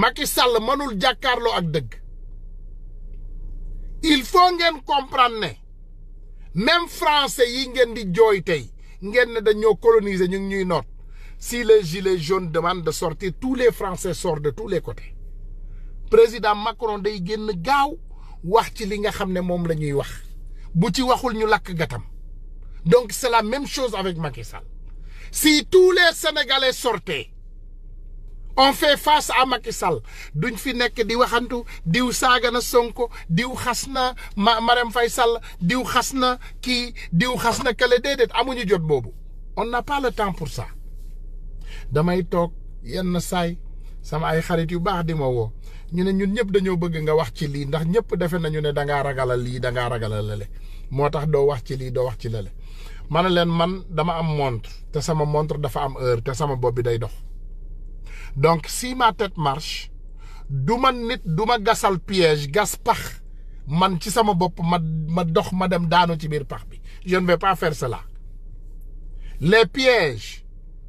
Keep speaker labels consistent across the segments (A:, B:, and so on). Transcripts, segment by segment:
A: Macky Sall mënul jàkkaarloo ak dëgg il faut ngeen comprendre ne même français yi ngeen di jooy tey ngeen ne dañoo coloniser ñu ngi ñuy noot si les gilets jaunes demandent de sortir tous les français sortent de tous les côtés président Macron day génn gaaw wax ci li nga xam ne moom la wax bu ci waxul ñu lakk gatam donc c'est la même chose avec Macky Sall si tous les sénégalais sortaient on fait face à Macky Sall duñ fi nekk di waxantu diw saaga na sonk diw xas na ma Marème fay Sall diw xas na kii diw xas na kële amuñu jot boobu on n'a pas le temps damay toog yenn saay sama ay xarit yu baax di ma woo ñu ne ñun ñëpp dañoo bëgg nga wax ci lii ndax ñëpp defe nañu ne dangaa ragalal lii dangaa ragalal lële moo tax doo wax ci lii doo wax ci lale ma ne leen man dama am montre te sama montre dafa am heure te sama bopp bi day dox donc si ma tête marche du ma nit du ma gasal piège gas pax man ci sama bopp ma ma dox ma dem daanu ci biir pax bi je ne vais pas faire cela les pièges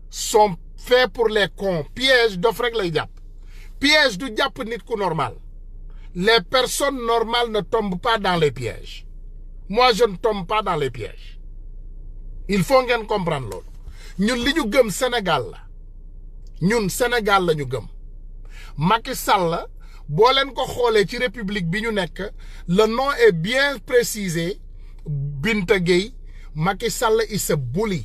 A: sont faits pour les cons piège dof rek lay jàpp piège du jàpp nit ku normal les personnes normales na tombent pas dans les pièges moi jeune ne pas dans les pièges il faut ngeen comprendre loolu ñun li ñu gëm Sénégal ñun Sénégal lañu gëm Macky Sall boo leen ko xoolee ci république bi ñu nekk la nom est bien précisé Binta Gueye Macky Sall is a bully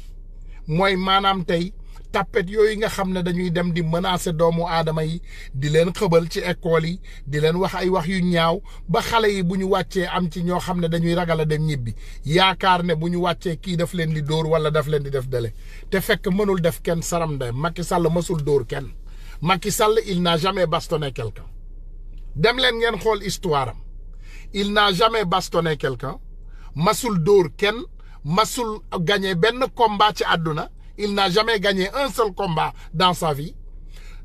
A: mooy maanaam tey tàppet yooyu nga xam ne dañuy dem di menacer doomu aadama yi di leen xëbal ci école yi di leen wax ay wax yu ñaaw ba xale yi bu ñu wàccee am ci ñoo xam ne dañuy ragal a dem ñibbi yaakaar ne bu ñu wàccee kii daf leen di dóor wala daf leen di def dale te fekk mënul def kenn saram de Macky Sall mësul dóor kenn Macky Sall il n'a jamais bastonné quelqu'un dem leen ngeen xool histoire am il n'a jamais masul dóor kenn masul gagné benn combat ci àdduna il n'a jamais gagné un seul combat dans sa vie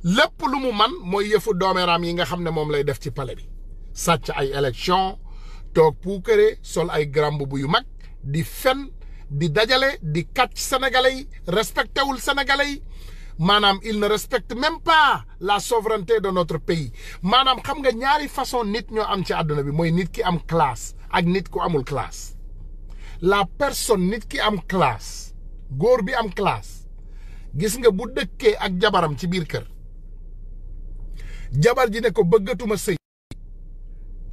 A: lépp lu mu man mooy yëfu doomeeraam yi nga xam ne moom lay def ci palais bi sàcc ay élection toog puukare sol ay grand boubou yu mag di fen di dajale di kàcc sénégalais yi respecté wul sénégalais yi maanaam il ne respecte même pas la souveraineté de notre pays maanaam xam nga ñaari façon nit ñoo am ci àdduna bi mooy nit ki am classe ak nit ku amul classe la personne nit ki am classe góor bi am classe gis nga bu dëkkee ak jabaram ci biir kër jabar ji ne ko bëggatuma sëy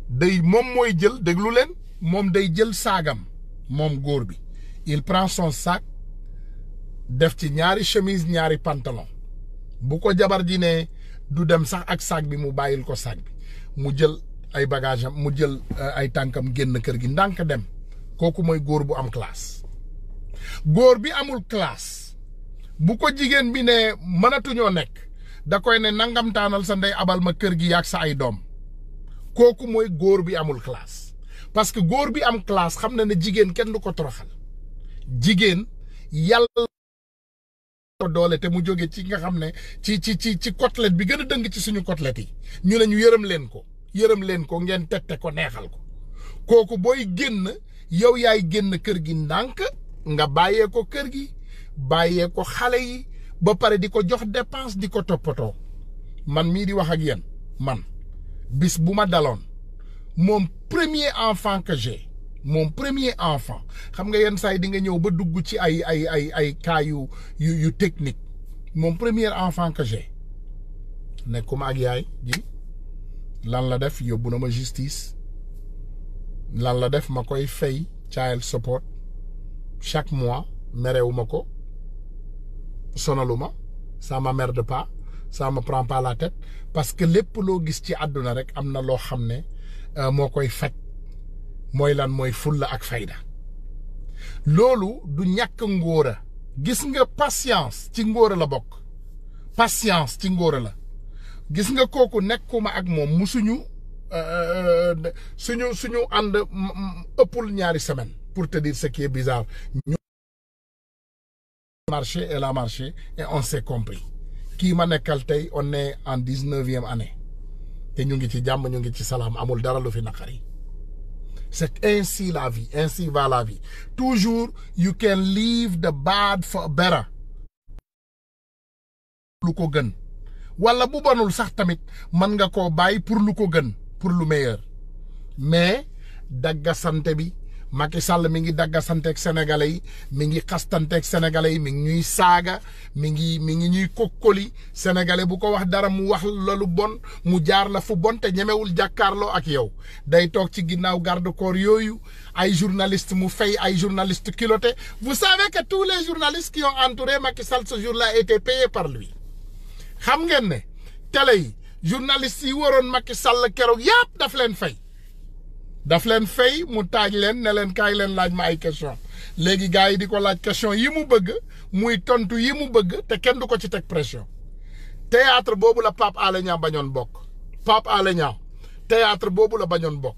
A: day moom mooy jël déglu leen moom day jël saagam moom góor bi il prend son sac def ci ñaari chemise ñaari pantalon bu ko jabar ji ne du dem sax ak saag bi mu bàyyil ko saag bi mu jël ay bagage mu jël euh, ay tànkam génn kër gi ndànk dem kooku mooy góor bu am classe góor bi amul classe bu ko jigéen bi ne mënatuñoo nekk da koy ne nangamtaanal sa ndey abal ma kër gi yàgg sa ay doom kooku mooy góor bi amul classe parce que góor bi am classe xam na ne jigéen kenn du ko toroxal jigéen yàlla ko doole te mu jóge ci nga xam ne ci ci ci ci côtelette bi gën a dëng ci suñu côtelette yi ñu ne ñu yërëm leen ko yërëm leen ko ngeen tegte ko neexal ko kooku booy génn yow yaay génn kër gi ndànk nga bàyyee ko kër gi bàyyee ko xale yi ba pare di ko jox dépense di ko toppatoo man mii di wax ak yéen man bis bu ma daloon moom premier enfant que j'ai moom premier enfant xam nga yenn saa di nga ñëw ba dugg ci ay ay ay ay cas yu technique moom premier enfant que j'ai nekkuma ak yaay ji lan la def yóbbu na ma justice lan la def ma koy fay child support chaque mois merewuma ko sonalu ma ça m'emmerde pas ça me prend pas la tête parce que lépp loo gis ci àdduna rek am na loo xam ne euh, moo koy faj mooy lan mooy fulla ak fayda loolu du ñàkk ngóora gis nga patience ci ngóora la bokk patience ci ngóora la gis nga kooku nekkuma ak moom mu suñu euh, euh, suñu suñu ànd ëppul ñaari semaine pour te dire ce qui est bizarre. Nous marché, et on s'est compris. Qui m'a nekkal tey on est en 19e année. te ñu ngi ci jàmm ñu ngi ci salaam amul dara lu fi naqari c'est ainsi la vie ainsi va la vie toujours you can leave the bad for better lu ko gën wala bu bonul sax tamit mën nga ko bàyyi pour lu ko gën pour lu meilleur mais daggasante bi Macky Sall mi ngi daggasanteeg sénégalais yi mi ngi xastanteeg sénégalais yi mi ngi ñuy saaga mi ngi mi ngi ñuy kokkoli sénégalais bu ko wax dara mu wax la lu bon mu jaar la fu bon te ñemewul jàkkaarloo ak yow day toog ci ginnaaw garde corps yooyu ay journalistes mu fay ay journalistes culottés vous savez que tous les journalistes qui ont entouré Macky Sall ce jour-là étaient payés par xam ngeen ne télé yi journalistes yi waroon Macky Sall keroog yàpp dafa leen fay. daf leen fay mu taaj leen ne leen kaay leen laaj ma ay question léegi gars yi di ko laaj question yi mu bëgg muy tontu yi mu bëgg te kenn du ko ci teg pression théâtre boobu la Pape Alé Niang bañoon bokk Pape Alé Niang théâtre boobu la bañoon bokk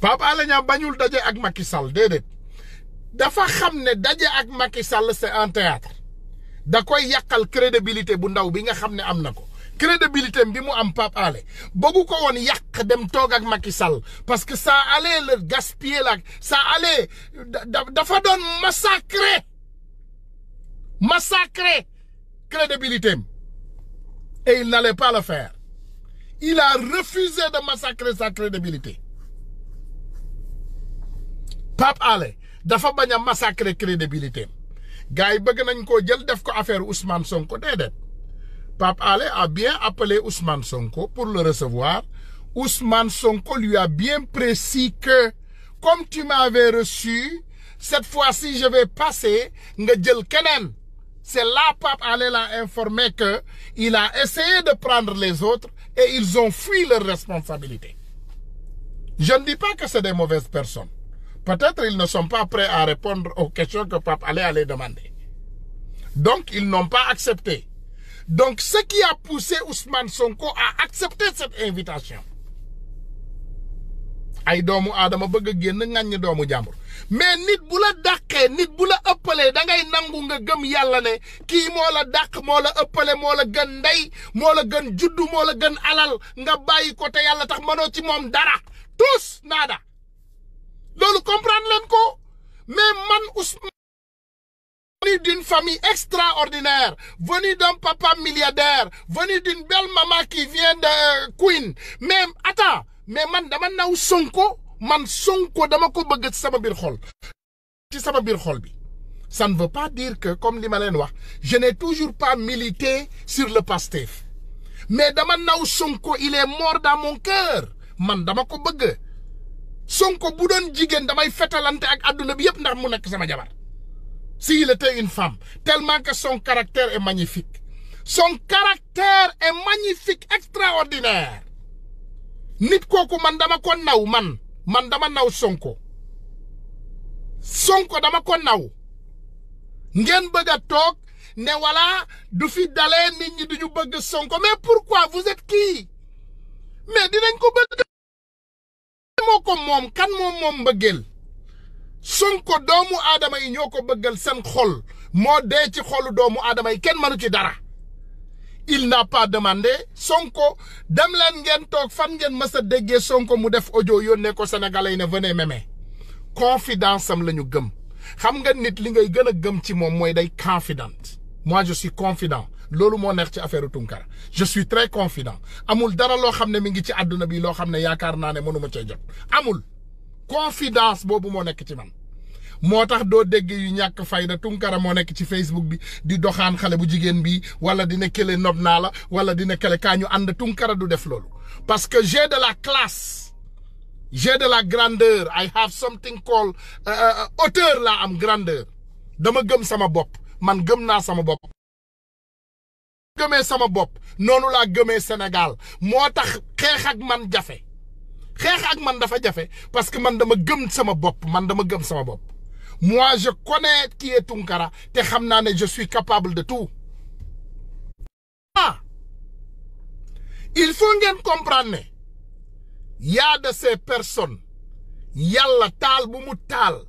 A: Pape Alé Niang bañul daje ak Macky Sall déedéet dafa xam ne daje ak Macky Sall c'est un théâtre da koy yàqal crédibilité bu ndaw bi nga xam ne am na ko crédibilité bi mu am Pape Alé bëggu ko woon yàq dem toog ak Macky Sall parce que ça allait le gaspiller la ça allait dafa doon massacrer massacrer crédibilité am et il il a refusé de massacrer sa crédibilité Pape dafa bañ a massacrer crédibilité am gars yi bëgg nañ koo jël def ko affaire Ousmane Sonko déedéet. Pape Alé a bien appelé Ousmane Sonko pour le recevoir. Ousmane Sonko lui a bien précis que, comme tu m'avais reçu, cette fois-ci je vais passer Ngedjel Kenen. C'est là Pape Alé l'a informé que il a essayé de prendre les autres et ils ont fui leurs responsabilités. Je ne dis pas que c'est des mauvaises personnes. Peut-être ils ne sont pas prêts à répondre aux questions que Pape allait demander. Donc ils n'ont pas accepté. Donc, ce qui a poussé Ousmane Sonko à accepter cette invitation. ay doomu aadama bëgg a génn ŋàññi doomu jàmbur mais nit bu la dàqee nit bu la ëppalee da ngay nangu nga gëm yàlla ne kii moo la dàq moo la ëppale moo la gën ndey moo la gën juddu moo la gën alal nga bàyyi ko te yàlla tax manoo ci moom dara tous naada loolu comprendre leen ko mais man Ousmane venu d'une famille extraordinaire, venu d'un papa milliardaire, venu d'une belle maman qui euh, Mais man dama naw Sonko, man Sonko dama ko bëgg ci sama biir xol. Ci sama biir xol bi. Ça ne veut pas dire que comme li ma leen wax, je n'ai toujours pas milité sur le Pastef. Mais dama naw Sonko, il est mort dans mon cœur. Man dama ko bëgg. Sonko bu doon jigéen damay fetalante ak àdduna bi yëpp ndax mu nekk sama jabar. s'il était une femme, tellement que son caractère est magnifique. Son caractère est magnifique, extraordinaire. nit kooku man dama ko naw man man dama naw Sonko Sonko dama ko naw ngeen bëgg a toog ne voilà du fi dalee ñi duñu bëgg Sonko mais pourquoi vous êtes qui mais dinañ ko bëgg moo ko moom kan moom moom mbëggeel Sonko doomu aadama yi ñoo ko bëggal seen xol moo dee ci xolu doomu aadama yi kenn mënu ci dara il n'a pas demandé Sonko dem leen ngeen toog fan ngeen mës a déggee Sonko mu def ojo yónnee ko Sénégalais yi ne venez mémé confidence am la ñu gëm xam nga nit li ngay gën a gëm ci moom mooy day confident moi je suis confident loolu moo neex ci affaire Tunkara je suis très confident amul dara loo xam ne mi ngi ci àdduna bi loo xam ne yaakaar naa ne mënuma cee jot amul confidence boobu moo nekk ci man moo tax doo dégg yu ñàkk fayda tunkara moo nekk ci facebook bi di doxaan xale bu jigéen bi wala dina kële nob naa la wala dina kële kaa ñu ànd tunkara du def loolu parce que j'ai de la classe j'ai de la grandeur I have something called hauteur euh, euh, euh, laa am grandeur dama gëm sama bopp man gëm naa sama bopp gëmee sama bopp noonu laa gëmee Sénégal moo tax xeex ak man jafe xeex ak man dafa jafe parce que man dama gëm sama bopp man dama gëm sama bopp moi je connais qui est Tunkara te xam naa ne je suis capable de tout ah il faut ngeen comprendre ne y a de ces yàlla taal bu mu taal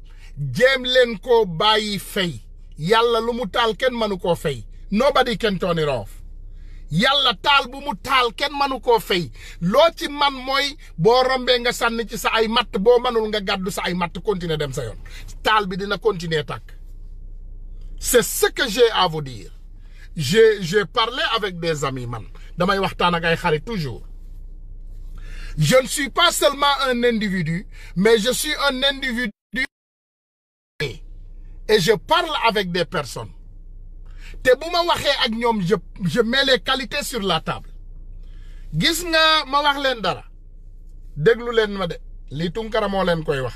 A: jéem leen koo bàyyi fay yàlla lu mu taal kenn mënu koo fay noo can turn it off yàlla taal bu mu taal kenn mënu koo fay loo ci man mooy boo rombee nga sànni ci sa ay matt boo mënul nga gàddu sa ay matt continuer dem sa yoon taal bi dina continuer tàkk c'est ce que j'ai à vous dire avec des amis man damay waxtaan ak ay xarit toujours je ne suis pas seulement un individu mais je suis un individu et je parle avec des personnes te bu ma waxee ak ñoom je je mets sur la table gis nga ma wax leen dara déglu leen ma de lii Tunkara leen koy wax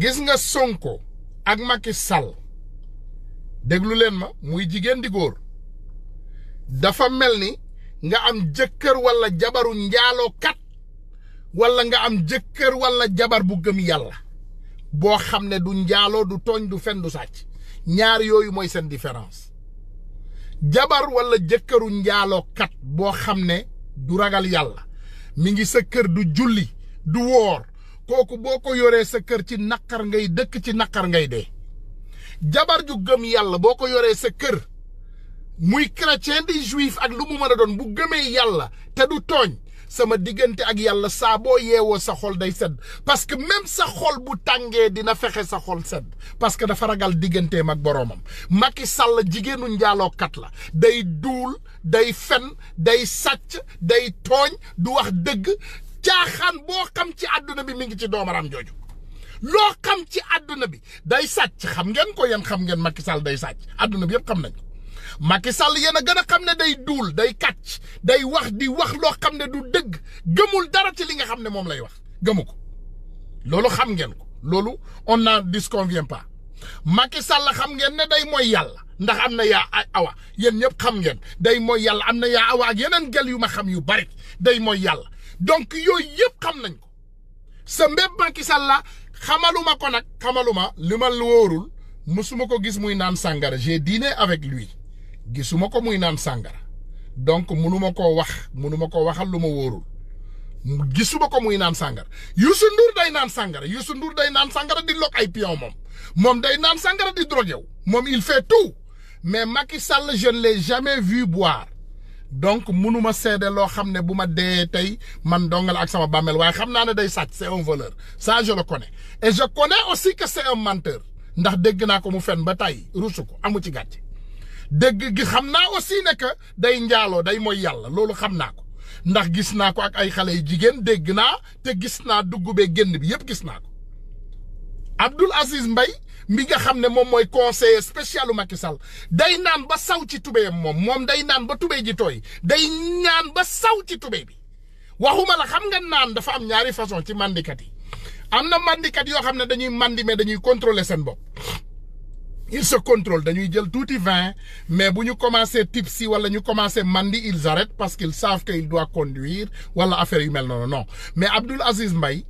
A: gis nga Sonko ak Macky Sall déglu ma muy jigéen di góor dafa mel ni nga am jëkkër walla jabaru njaaloo kat walla nga am jëkkër walla jabar bu gëm yàlla boo xam ne du njaaloo du tooñ du fen du sàcc ñaar yooyu mooy seen différence jabar walla jëkkëru njaalookat boo xam ne du ragal yàlla mi ngi sa kër du julli du woor kooku boo ko yoree sa kër ci naqar ngay dëkk ci naqar ngay dee jabar ju gëm yàlla boo ko yoree sa kër muy chrétien di juif ak lu mu mën doon bu gëmee yàlla te du tooñ sama diggante ak yàlla saa boo yeewoo sa xol day sedd parce que même sa xol bu tàngee dina fexe sa xol sedd parce que dafa ragal digganteem ak boroomam Macky Sall jigéenu njaalookat la day duul day fen day sàcc day tooñ du wax dëgg caaxaan boo xam ci àdduna bi mu ngi ci doomaram jooju loo xam ci àdduna bi day sàcc xam ngeen ko yéen xam ngeen Macky Sall day sàcc àdduna bi yëpp xam nañ ko Macky Sall yéen a gën a xam ne day duul day kàcc day wax di wax loo xam ne du dëgg gëmul dara ci li nga xam ne moom lay wax gëmu ko loolu xam ngeen ko loolu on n'en disconvient pas Macky Sall xam ngeen ne day mooy yàlla ndax am na yaa awa yéen ñëpp xam ngeen day mooy yàlla am na yaa awa ak yeneen gel yu ma xam yu bari day mooy yàlla donc yooyu yëpp xam nañ ko sa mbéb Macky Sall la xamaluma ko nag xamaluma li ma loorul mësuma ko gis muy naan sàngara j'ai diine avec lui gisuma ko muy naan sàngara donc mënuma ko wax mënuma ko waxal lu ma wóorul gisuma ko muy naan sàngara yu Ndour day naan sàngara Youssou Ndour day naan sàngara di lok ay pion moom moom day naan sàngara di drogué wu moom il fait tout mais Macky Sall je ne l'ai jamais vu boire donc munuma seede loo xam ne bu ma dee tey man dongal ak sama bàmmeel waaye xam naa ne day sàcc c'est un voleur ça je le connais et je connais aussi que c'est un ndax dégg naa ko mu fen ba tey rusu ko amu ci gàcce dégg gi xam naa aussi ne que day njaaloo day mooy yàlla loolu xam naa ko ndax gis naa ko ak ay xale yu jigéen dégg naa te gis naa dugg be génn bi yëpp gis naa ko Abdoul Aziz Mbaye mi nga xam ne moom mooy conseiller spécialu Macky Sall day naan ba saw ci tubéyam moom moom day naan ba tubéy ji tooy day ñaan ba saw ci tubéy bi waxuma la xam nga naan dafa am ñaari façon ci mandikat yi am na mandikat yoo xam ne dañuy mandi mais dañuy contrôler seen bopp ils se contrôlent dañuy jël tuuti vin mais bu ñu commencé tipsy wala ñu commencé mandi ils arrêtent parce qu'ils savent que il doit conduire wala affaire yu mel noonu non mais Abdoul Aziz Mbaye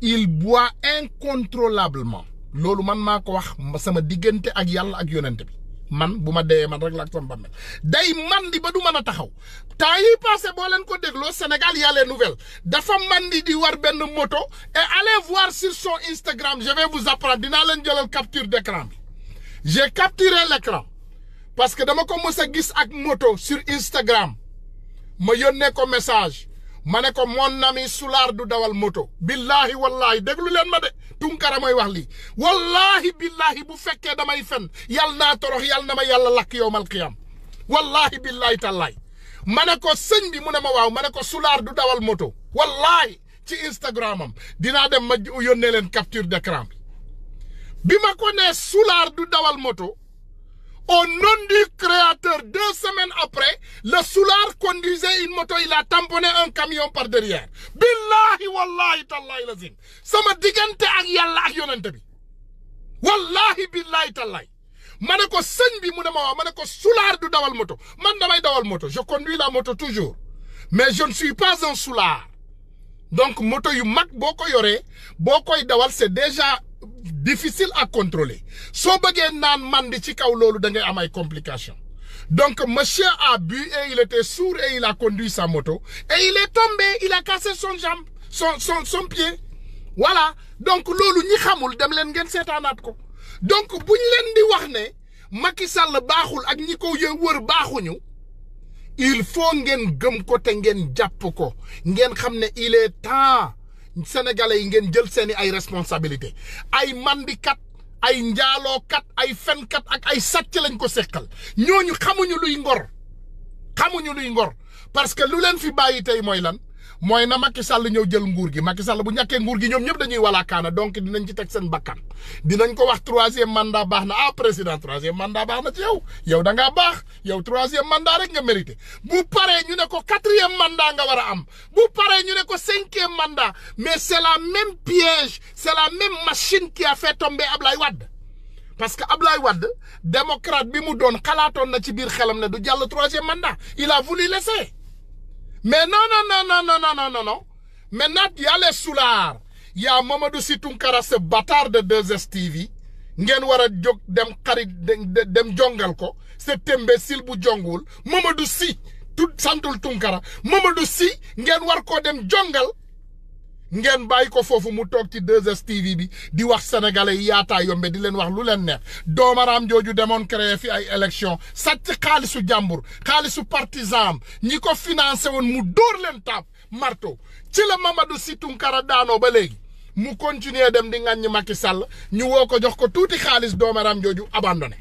A: il boit incontrôlablement loolu man maa ko wax sama diggante ak yàlla ak yonent bi man bu ma deyee man rek la ak sama bàmmeel day man di ba du man a taxaw temps yi passé boo leen ko dégloo Sénégal y a les nouvelles dafa mandi di war benn moto et allez voir sur son Instagram je vais vous dinaa leen jëlal capture d'écran j'ai capturé l'écran parce que dama ko mës a gis ak moto sur Instagram ma yónnee ko message ma ne ko mon ami sulaar du dawal moto. billaahi wallahi déglu leen ma de Tunkara mooy wax lii wallahi billahi bu fekkee damay fen yal naa toro yal na ma yàlla lakk yowmal qiyam wallahi billahi tallaay ma ne ko sëñ bi mu ne ma waaw ma ne ko sulaar du dawal moto wallahi ci Instagram am dinaa dem ma yónnee leen capture d'écran bi ma ko nee Soulard du dawal moto au nom du créateur deux semaines après le Soulard conduisait une moto il a tamponné un camion par derrière billahi wallahi tallahi lazim sama diggante ak yàlla ak yonente bi wallahi billahi tallahi ma ne ko sëñ bi mu ne ma waaw ne ko Soulard du dawal moto man damay dawal moto je conduis moto toujours mais je ne suis pas un Soulard donc moto yu mag boo ko yoree boo koy dawal c'est déjà difficile à contrôler soo bëggee naan mandi ci kaw loolu da ngay am ay complications donc monsieur a bu et il était sourd et a conduit sa moto et il est tombé il a cassé son jambe son son pied voilà donc loolu ñi xamul dem leen ngeen seetaanaat ko donc buñ leen di wax ne Macky Sall baaxul ak ñi ko wër baaxuñu il faut ngeen gëm ko te ngeen jàpp ko ngeen xam ne il est temps sénégalais yi ngeen jël seeni ay responsabilité ay mandikat ay njaalookat ay fenkat ak ay sàcc lañ ko seqal ñooñu xamuñu luy ngor xamuñu luy ngor parce que lu leen fi bàyyi tey mooy lan mooy na Macky salli ñëw jël nguur gi Macky Sall bu ñàkkee nguur gi ñoom ñëpp dañuy walaakaana donc dinañ ci teg seen bakkan dinañ ko wax troisième mandat baax na ah président troisième mandat baax na ci yow yow da ngaa baax yow troisième mandat rek nga mérité bu paree ñu ne ko quatrième mandat nga war a am bu paree ñu ne ko cinquième mandaa mais c'est la même piège c'est la même machine qui a fait tomber Ablaye Wade parce que Ablaye Wade démocrate bi mu doon xalaatoon na ci biir xelam ne du jàll troisième mandat il a voulu Mais non, non, non, non, non, non, non, non. Maintenant, il y a les soulards. Il y de 2STV. ngeen war a jóg dem xarit dem jongal ko cet imbécile bu jongul Mamadou Sy tu santul Tunkara Mamadou si ngeen war koo dem jongal ngeen bàyyi ko foofu mu toog ci 2STV bi di wax sénégalais yi yombe di leen wax lu leen neex doomaraam jooju demoon créé fi ay élection sàcc xaalisu jàmbur xaalisu partisan ñi ko financé woon mu dóor leen taab marto ci la Mamadou Sy Tounkara daanoo ba léegi mu continuer dem di ŋàññi Macky Sall ñu woo ko jox ko tuuti xaalis doomaraam jooju abandonné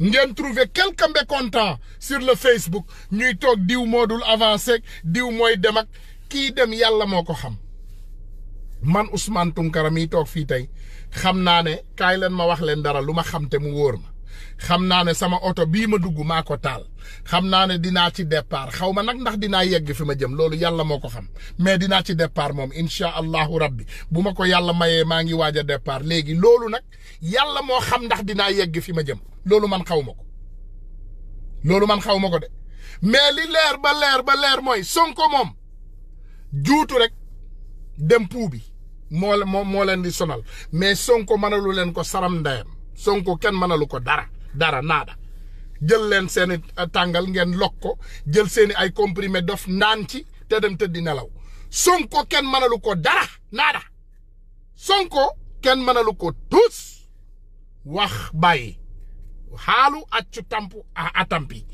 A: ngeen trouver quelques mécontents sur le Facebook ñuy toog diw moo dul avancé diw mooy dem ak kii dem yàlla moo ko xam man Ousmane Tounkara mi toog fii tey xam naa ne kaay leen ma wax leen dara lu ma xam te mu wóor ma xam naa ne sama oto bii ma dugg maa ko taal xam naa ne dinaa ci départ xaw ma nag ndax dinaa yegg fi ma jëm loolu yàlla moo ko xam mais dinaa ci départ moom incha allahu rabbi bu ma ko yàlla mayee maa ngi waaja a léegi loolu nag yàlla moo xam ndax dinaa yegg fi ma jëm loolu man xawma ko loolu man xaw ma ko de mais li leer ba leer ba leer mooy Sonko moom juutu rek dem puu bi moo la moo moo leen di sonal mais Sonko mënalu leen ko saram ndeyam Sonko kenn mënalu ko dara dara naada jël leen seeni euh, tàngal ngeen lokk ko jël seeni ay comprimé dof naan ci te dem tëddi nelaw Sonko kenn mënalu ko dara naada Sonko kenn mënalu ko tuus wax bàyyi xaalu tàmp tamp atampi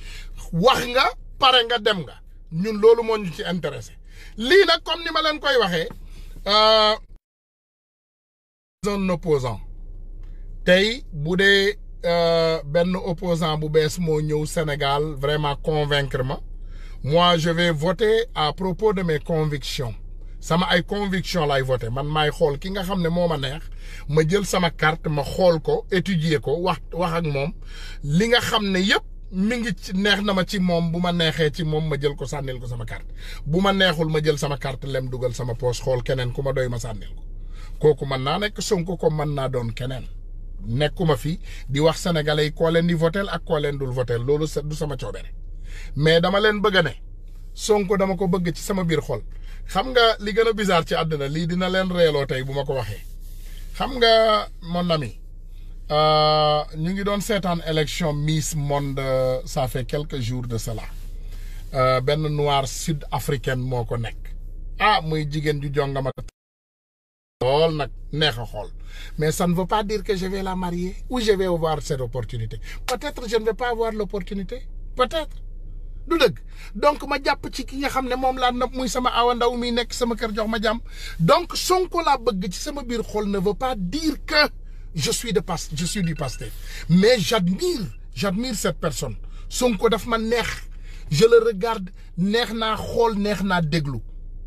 A: wax nga pare nga dem nga ñun loolu moo ñu ci intéressé lii nag comme ni ma leen koy waxee euh, un opposant tey bu dee euh, benn opposant bu bees moo ñëw Sénégal vraiment convaincre ma mois je vais voter à propos de mes convictions sama ay conviction lay voté man maay xool ki nga xam ne moo ma neex ma jël sama carte ma xool ko étudier ko wax wax ak moom li nga xam ne yëpp mi ngi ci neex na ma ci moom bu ma neexee ci moom ma jël ko sànnil ko sama carte bu ma neexul ma jël sama carte lem dugal sama poche xool keneen ku ma doy ma sànnil ko kooku mën naa nekk Sonko ko mën naa doon keneen nekkuma fi di wax sénégalais yi koo leen di votel ak koo leen dul votel loolu du sama coobere mais dama leen bëgg a ne Sonko dama ko bëgg ci sama biir xol xam nga li gën a bizarre ci àddina lii dina leen reeloo tey bu ma ko waxee xam nga mon ami euh, ñu ngi doon seetaan élection Miss Monde ça fait quelques jours de cela euh, benn noir sud africaine moo ko nekk ah muy jigéen ju jongama lool nag neex a xool mais ça ne veut pas dire que je vais la marier ou je vais avoir cette opportunité peut-être je ne vais pas avoir l'opportunité peut-être du dëgg donc ma jàpp ci ki nga xam ne moom laa nopp muy sama awa ndaw mi nekk sama kër jox ma jàmm donc Sonko laa bëgg ci sama biir xool ne veut pas dire que je suis de pas je suis du Pastef mais j'admire j'admire cette personne Sonko daf ma neex je le regarde neex naa xool neex naa déglu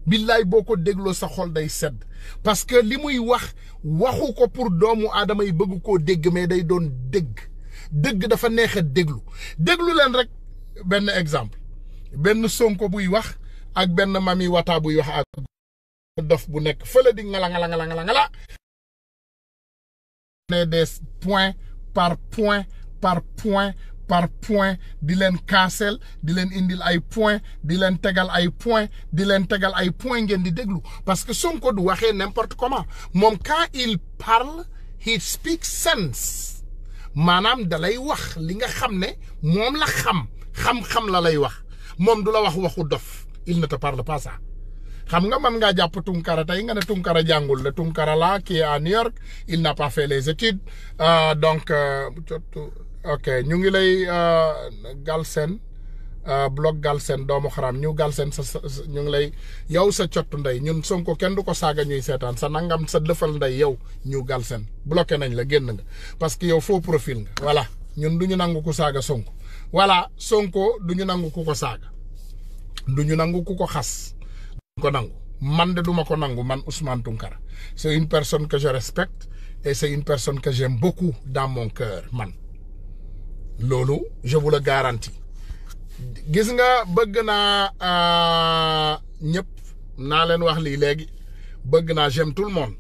A: billaay boo ko dégloo sa xol day sedd parce que li muy wax waxu ko pour doomu aadama yi bëgg koo dégg mais day doon dégg dégg dafa neex a déglu déglu leen rek benn exemple benn Sonko buy wax ak benn Mami Wata buy wax ak dof bu nekk fële di ngala ngala ngala ngala ngala ne des point par point par point par point di leen kaaseel di leen indil ay point di leen tegal ay point di leen tegal ay point ngeen di déglu parce que ko du waxee n'importe comment moom quand il parle he speaks sense maanaam dalay wax li nga xam ne moom la xam xam-xam la lay wax moom du la wax waxu dof il ne te parle pas ça xam nga mën ngaa jàpp Tunkara tey nga ne Tunkara jàngul la Tunkara la qui est à New York il n'a pas fait les études euh, donc euh, ok ñu ngi lay euh, Galsen euh, blog Galsen doomu xaraam ñu Galsen sa ñu ngi lay yow sa cottu ndey ñun Sonko kenn du ko saaga ñuy seetaan sa nangam sa dëfal ndey yow ñu Galsen bloqué nañ la génn nga parce que yow faux profil nga. voilà ñun duñu ñu nangu ku saaga sonk voilà Sonko du ñu nangu ku ko saaga duñu nangu ku ko xas ko nangu man de duma ko nangu man Ousmane Tounkara c'est une personne que je respecte et c'est une personne que j'aime beaucoup dans mon cœur man. loolu je vous le gis nga bëgg naa euh, ñëpp naa leen wax lii léegi bëgg naa j'aime tout le monde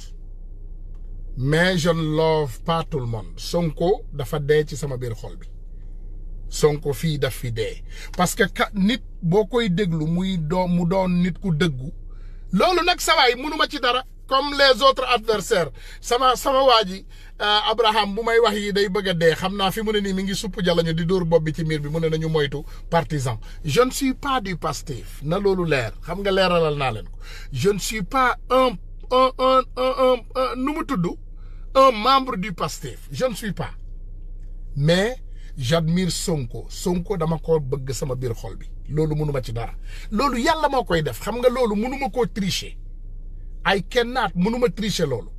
A: mais je ne love pas tout le dafa dee ci sama biir xol bi Sonko fii daf fi dee parce que ka nit boo koy déglu muy doo mu doon nit ku dëggu loolu nag sawaay mënuma ci dara comme les autres adversaires sama sama waa ji euh, Abraham bu may wax yi day bëgg a dee xam naa fi mu ne nii mi ngi supp jalañu di dóor bopp bi ci miir bi mu ne nañu moytu partisan je ne suis pas du Pastef na loolu leer xam nga leeralal naa leen ko je ne pas un un un un un nu mu tudd un membre du Pastef je ne suis pas mais j'admire Sonko Sonko dama ko bëgg sama biir xol bi loolu mënuma ci dara loolu yàlla moo koy def xam nga loolu mënuma koo tricher ay kenn kennaat mënuma tricher loolu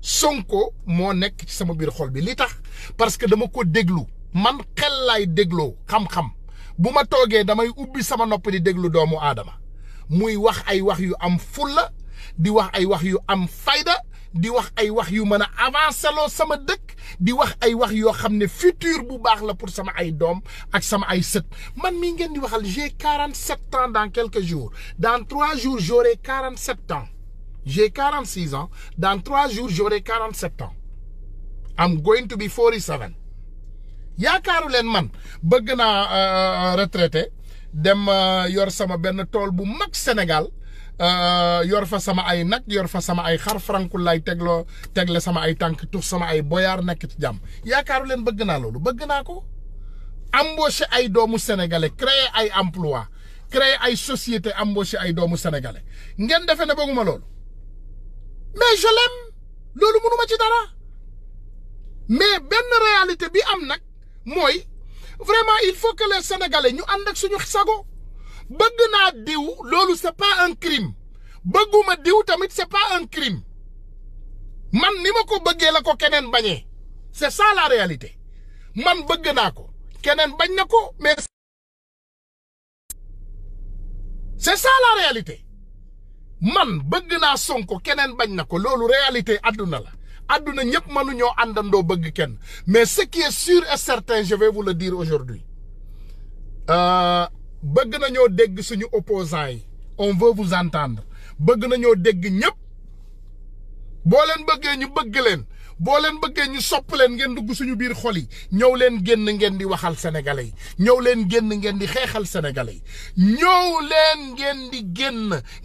A: Sonko moo nekk ci sama biir xol bi li tax parce que dama ko déglu man xel laay dégloo xam-xam bu ma toogee damay ubbi sama nopp di déglu doomu aadama muy wax ay wax yu am fulla di wax ay wax yu am fayda di wax ay wax yu mën a avancé loo sama dëkk di wax ay wax yoo xam ne futur bu baax la pour sama ay doom ak sama ay sët man mii ngeen di waxal j'ai quarante sept ans dans quelques jours dans trois jours j'aurai quarante sept ans J'ai 46 ans. Dans 3 jours, j'aurai 47 ans. I'm going to be 47. yaakaaru leen man bëgg naa euh, euh, retraité dem euh, yor sama benn tool bu mag Sénégal yor fa sama ay nag yor fa sama ay xar franku lay tegloo tegle sama ay tànk tux sama ay boyaar nekk ci jàmm yaakaaru leen bëgg naa loolu bëgg naa ko embaucher ay doomu sénégalais créer ay emploi créer ay société embaucher ay doomu sénégalais ngeen defe ne bëgguma loolu mais je l'aime loolu mënuma ci dara mais benn réalité bi am nag mooy vraiment il faut que les sénégalais ñu ànd ak suñu sago bëgg naa diw loolu c'est pas un crime bëgguma diw tamit c'est pas un crime man ni ma ko bëggee la ko keneen bañee c'est ça la réalité man bëgg naa ko keneen bañ na ko mais c'est réalité man bëgg naa Sonko keneen bañ na ko loolu réalité àdduna la àdduna ñëpp mënuñoo àndandoo bëgg kenn mais ce qui est sûr et certain je vais vous le dire aujourd'hui euh, bëgg nañoo dégg suñu opposants yi on veut vous entendre bëgg nañoo dégg ñëpp boo leen bëggee ñu bëgg leen boo leen bëggee ñu sopp leen ngeen dugg suñu biir xol yi ñëw leen génn ngeen di waxal sénégalais yi ñëw leen génn ngeen di xeexal senegale yi ñëw ngeen di génn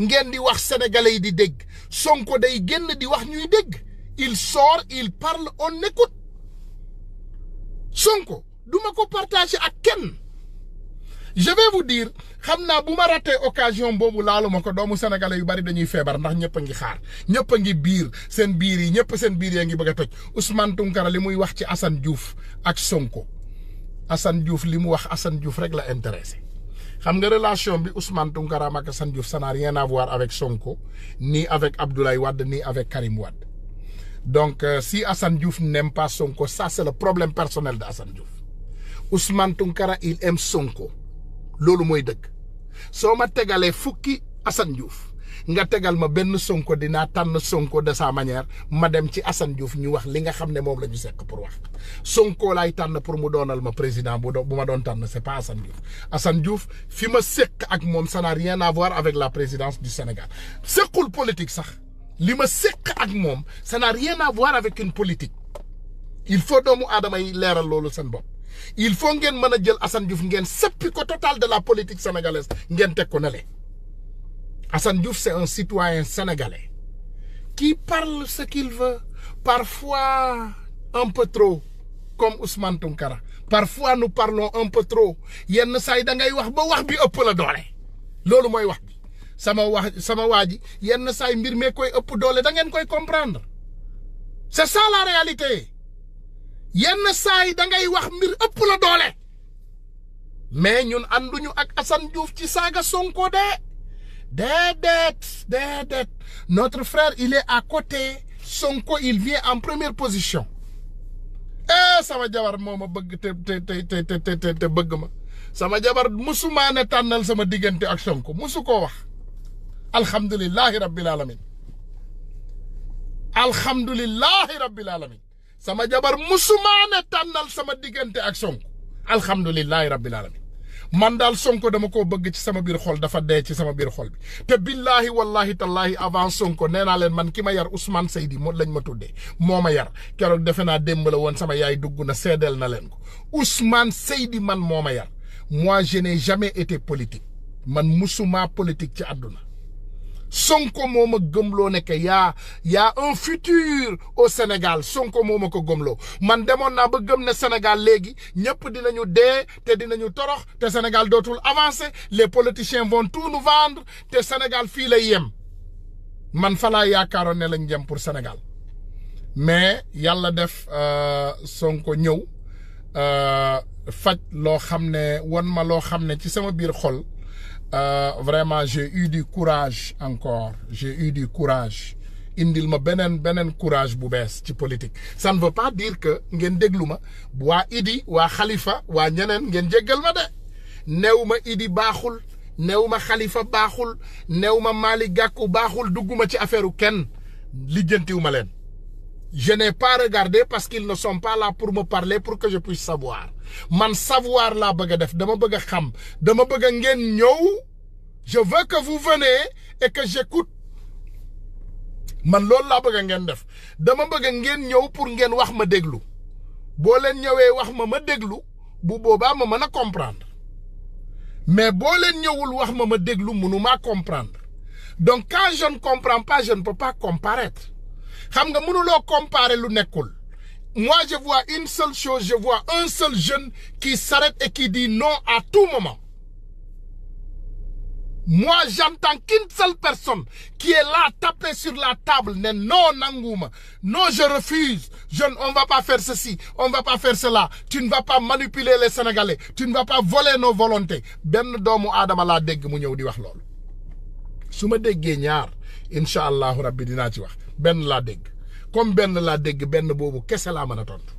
A: ngeen di wax sénégalais yi di dégg Sonko day génn di wax ñuy dégg il soor il parle on écoute Sonko duma ko partager ak kenn je vais vous xam naa bu ma ratee occasion boobu laalu ma ko doomu sénégalais yu bari dañuy feebar ndax ñëpp a ngi xaar ñëpp a ngi biir seen biir yi ñëpp seen biir yaa ngi bëgg a toj Ousmane Tounkara li muy wax ci Assane Diouf ak Sonko Assane Diouf li mu wax Assane Diouf rek la intéressé xam nga relation bi Ousmane Tounkara ak Assane Diouf ça n'a rien à voir Sonko ni avec Abdoulaye Wade ni avec Karim Wade donc euh, si Assane Diouf n'aime pas Sonko ça la le problème personnel de Assane Diouf Ousmane loolu mooy dëgg soo ma tegalee fukki Assane Diouf nga tegal ma benn Sonko dinaa tànn Sonko de sa manière ma dem ci Assane ñu wax li nga xam ne moom la ñu sekk pour wax Sonko laay tànn pour mu doonal ma président bu bu ma doon tànn c'est pas Assane Diouf Diouf fi ma seq ak moom ça n'a rien à voir avec la président du Sénégal sekkul politique sax li ma seq ak moom ça n'a rien à voir avec politique il faut doomu aadama yi leeral loolu seen bopp. il faut ngeen mën a jël Assane Diouf ngeen seppi ko total de la politique sénégalaise ngeen teg ko na le Assane Diouf c'est un citoyen sénégalais qui parle ce qu'il veut parfois un peu trop comme parfois nous parlons un peu trop yenn saa da ngay wax ba wax bi ëpp la doole loolu mooy wax bi sama wax sama waa ji yenn saa mbir mee koy ëpp doole da ngeen koy comprendre c'est ça la yenn saa yi da ngay wax mbir ëpp la doole mais ñun ànduñu ak Assane Diouf ci saaga Sonko de déedéet déedéet notre frère il est à côté Sonko il vient en première position eh sama jabar moo ma bëgg te te te te te bëgg ma sama jabar musuma ne tànnal sama diggante ak Sonko musu koo wax alhamdulilahi rabbil alamin alhamdulilahi rabbil alamin sama jabar musumaane tànnal sama diggante ak Sonko alhamdulilahi rabbil alamin man daal Sonko dama koo bëgg ci sama biir xol dafa dee ci sama biir xol bi te billahi wallahi tallahi avant Sonko nee naa leen man ki ma yar Ousmane Seydi moo lañ ma tuddee moo ma yar keroog defe naa démb la woon sama yaay dugg na seedeel na leen ko Ousmane Seydi man moo ma yar moi je n'ai jamais été politique man musuma politique ci àdduna Sonko moom ma gëmloo ne yaa yaa un futur au Sénégal Sonko moom ma ko gëmloo man demoon naa ba gëm ne Sénégal léegi ñëpp dinañu dee te dinañu torox te Sénégal dootul avancer les politiciens vont tout nous vendre te Sénégal fii lay yem man falaa yaakaaroon ne lañ jëm pour senegal mais yàlla def euh, Sonko ñëw euh, faj loo xam ne won ma loo xam ne ci sama biir xol. Euh, vraiment j'ai eu du courage encore j'ai eu du courage indil ma beneen beneen courage bu bees ci politique ça ne pas dire que ngeen déglu ma waa Idi waa xalifa waa ñeneen ngeen jéggal ma de néew ma Idi baaxul neew ma xalifa baaxul neew ma Malick Gakou baaxul ma ci affaire kenn lijjantiw ma leen je n'ai pas regardé parce qu'ils ne sont pas là pour me parler pour que je puisse savoir man savoir laa bëgg a def dama bëgg xam dama bëgg ngeen ñëw je veux que vous venez et que man loolu laa bëgg a ngeen def dama bëgg ngeen ñëw pour ngeen wax ma déglu boo leen ñëwee wax ma ma déglu bu boobaa ma mën a comprendre mais boo leen ñëwul wax ma ma déglu mënu maa comprendre donc quand je ne comprends pas je ne xam nga mënuloo comparer lu nekkul. Moi, je vois une seule chose, je vois un seul jeune qui s'arrête et qui dit non à tout moment. Moi, j'entends qu'une seule personne qui est là, sur la table, ne non, Nangouma. Non, je refuse. Je, on ne va pas faire ceci. On ne va pas faire cela. Tu ne vas pas manipuler les Sénégalais. Tu doomu Adama laa dégg mu ñëw di wax loolu. su ma déggee ñaar, incha allahu rabbi dinaa ci wax. Benn laa dégg. comme benn laa dégg benn boobu kese laa mën a tontu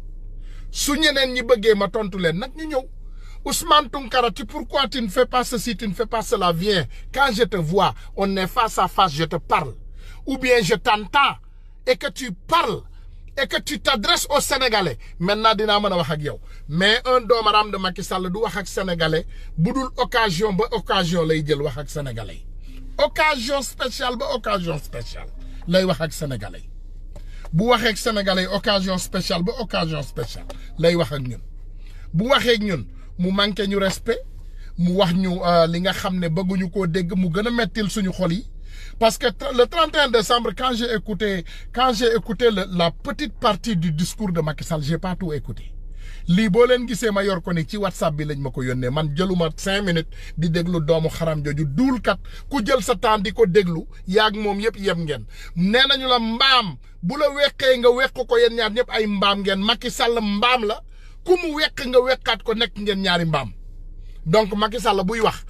A: su ñeneen ñi bëggee ma tontu leen nag ñu ñëw Ousmane Tounkara ti pourquoi tu ne fais pas ceci tu ne fais pas cela viens quand je te vois on est face à face je te parle ou bien je t'entends et que tu parles et que tu dinaa mën a wax ak yow mais un doomaraam de Macky Sall du wax ak sénégalais bu dul occasion ba occasion lay jël wax ak sénégalais occasion spéciale ba occasion spéciale lay wax ak sénégalais. bu waxee ak sénégalais occasion spéciale ba occasion spéciale lay wax ak ñun bu waxee ak ñun mu manqué ñu respect mu wax ñu euh, li nga xam ne bëgguñu koo dégg mu gën a mettil suñu xol yi parce que le 31 décembre quand j'ai écouté quand j'ai écouté la petite partie du discours de Macky Sall j'ai écouté lii boo leen gisee ma yor ko ne ci whatsapp bi lañ ma ko yónnee man jëluma cinq minutes di déglu doomu xaram jooju duulkat ku jël sa temps di ko déglu yaag moom yëpp yem ngeen nee nañu la mbaam bu la weqee nga weq ko yéen ñaar ñëpp ay mbaam ngeen Macky Sall mbaam la ku mu wekk nga wekkaat ko nekk ngeen ñaari mbaam donc Macky Sall buy wax